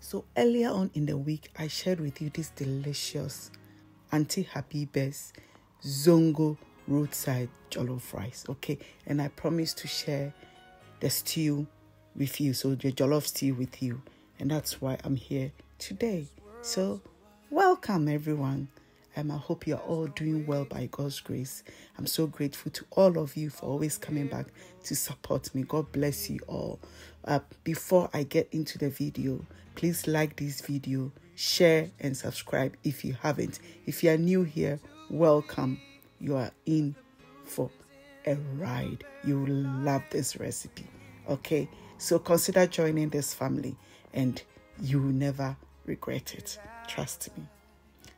So earlier on in the week, I shared with you this delicious Auntie Happy Best Zongo roadside jollof rice. Okay, and I promised to share the stew with you, so the jollof stew with you, and that's why I'm here today. So, welcome everyone. Um, I hope you're all doing well by God's grace. I'm so grateful to all of you for always coming back to support me. God bless you all. Uh, before I get into the video, please like this video, share, and subscribe if you haven't. If you are new here, welcome. You are in for a ride. You will love this recipe. Okay, so consider joining this family and you will never regret it. Trust me.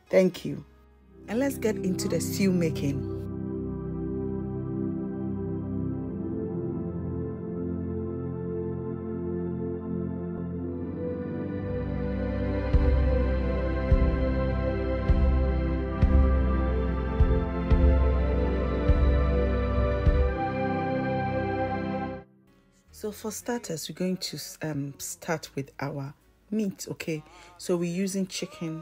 Thank you. And let's get into the stew making. So for starters, we're going to um, start with our meat, okay? So we're using chicken,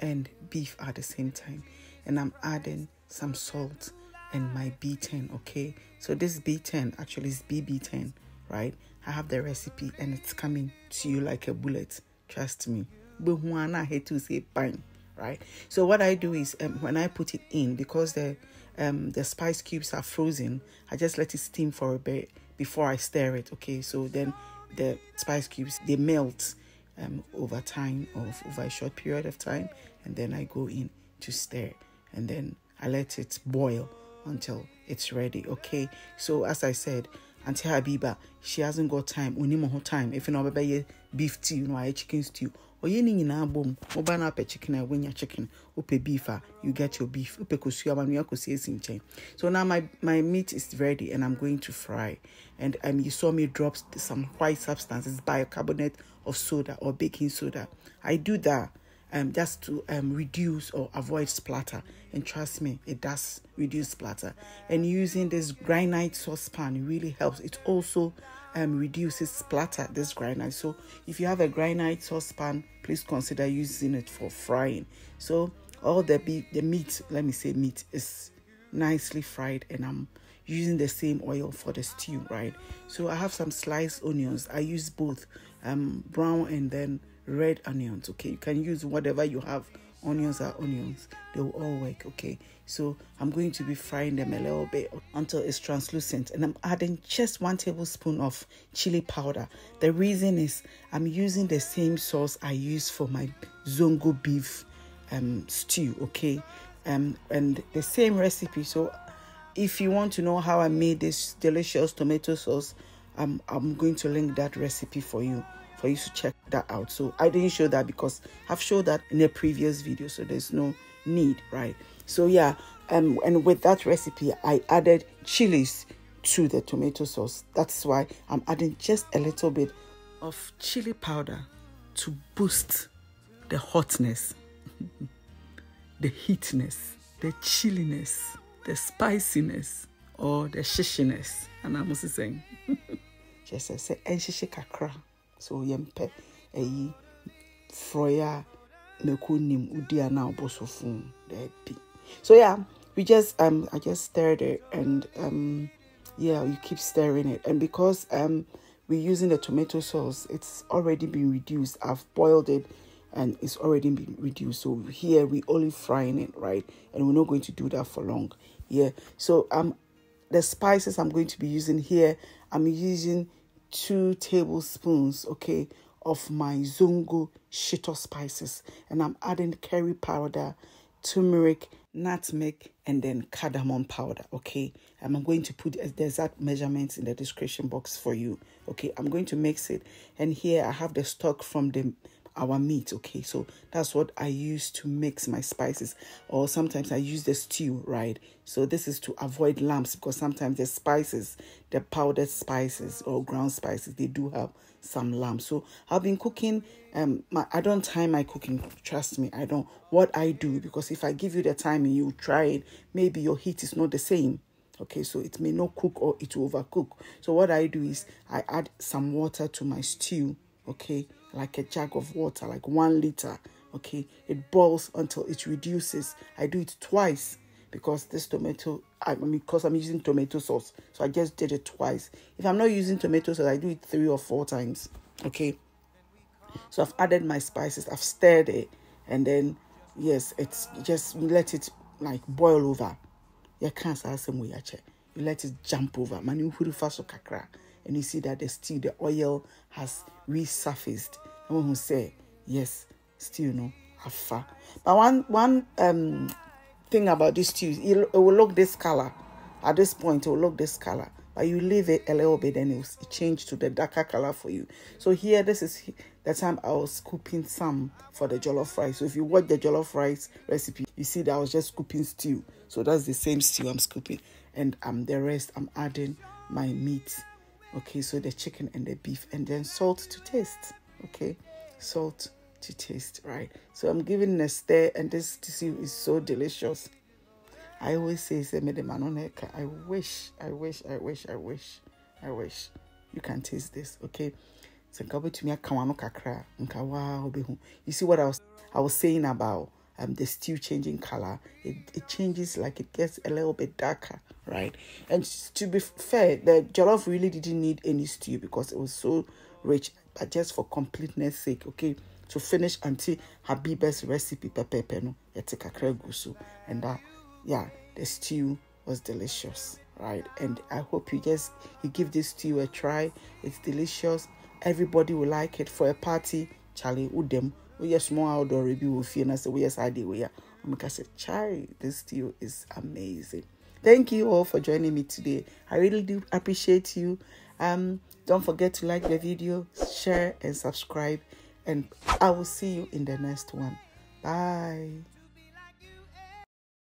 and beef at the same time. And I'm adding some salt and my B10, okay? So this B10 actually is BB10, right? I have the recipe and it's coming to you like a bullet. Trust me. But when I hate to say bang, right? So what I do is um, when I put it in, because the um, the spice cubes are frozen, I just let it steam for a bit before I stir it, okay? So then the spice cubes, they melt um, over time of over a short period of time, and then I go in to stir, and then I let it boil until it's ready. Okay, so as I said, Auntie Habiba, she hasn't got time. Unimoho time. If you know beef stew, you know, chicken stew ɔyɛ ne nyinaa bom woba no apɛ chicken a wonya chicken wopɛ beef a you get your beef wopɛ kosua ma nua kosua si nkyɛn so now my, my meat is ready and i'm going to fry and um, you saw me drop some white substances bicarbonate of soda or baking soda i do that um, just to um, reduce or avoid splatter. And trust me, it does reduce splatter. And using this granite saucepan really helps. It also um, reduces splatter, this granite. So if you have a granite saucepan, please consider using it for frying. So all the, the meat, let me say meat, is nicely fried and I'm using the same oil for the stew, right? So I have some sliced onions. I use both um, brown and then red onions, okay? You can use whatever you have onions are onions they will all work okay so i'm going to be frying them a little bit until it's translucent and i'm adding just one tablespoon of chili powder the reason is i'm using the same sauce i use for my zongo beef um, stew okay um, and the same recipe so if you want to know how i made this delicious tomato sauce um, i'm going to link that recipe for you for you to check that out. So I didn't show that because I've showed that in a previous video, so there's no need, right? So yeah, um, and with that recipe, I added chilies to the tomato sauce. That's why I'm adding just a little bit of chili powder to boost the hotness, the heatness, the chilliness, the spiciness, or the shishiness. And I'm also saying, just say, and kakra sɛ ɔyɛ nim na daabi so yeah we just um i just stared it and um yeah you keep stirring it and because um we're using the tomato sauce it's already been reduced i've boiled it and it's already been reduced so here we only frying it right and we're not going to do that for long yeah so um the spices i'm going to be using here i'm using two tablespoons, okay, of my Zongo shito spices. And I'm adding curry powder, turmeric, nutmeg, and then cardamom powder, okay? And I'm going to put the exact measurements in the description box for you, okay? I'm going to mix it. And here I have the stock from the our meat okay so that's what i use to mix my spices or sometimes i use the stew right so this is to avoid lumps because sometimes the spices the powdered spices or ground spices they do have some lumps so i've been cooking um my, i don't time my cooking trust me i don't what i do because if i give you the time and you try it maybe your heat is not the same okay so it may not cook or it will overcook so what i do is i add some water to my stew okay like a jug of water, like one liter. Okay, it boils until it reduces. I do it twice because this tomato, I mean, because I'm using tomato sauce, so I just did it twice. If I'm not using tomato sauce, I do it three or four times. Okay, so I've added my spices, I've stirred it, and then yes, it's just let it like boil over. You can't say you let it jump over. Manu kakra and you see that the still the oil has resurfaced who say, yes, still no, afa. But one, one um, thing about this stew, it, it will look this color. At this point, it will look this color. But you leave it a little bit, then it will change to the darker color for you. So here, this is the time I was scooping some for the jollof rice. So if you watch the jollof rice recipe, you see that I was just scooping stew. So that's the same stew I'm scooping. And um, the rest, I'm adding my meat. Okay, so the chicken and the beef. And then salt to taste okay salt to taste right so i'm giving a stir and this stew is so delicious i always say i wish i wish i wish i wish i wish you can taste this okay so you see what i was i was saying about um, the stew changing color. It, it changes like it gets a little bit darker, right? And to be fair, the jollof really didn't need any stew because it was so rich but just for completeness sake, okay, to finish Auntie Habiba's recipe, pepe peno, a kakre gusu. And that, yeah, the stew was delicious, right? And I hope you just, you give this stew a try. It's delicious. Everybody will like it for a party. Charlie, them, we yes more outdoor review with you, and I say, yes, I did, we are. I'm say, Charlie, this stew is amazing. Thank you all for joining me today. I really do appreciate you. Um, don't forget to like the video, share, and subscribe. And I will see you in the next one. Bye.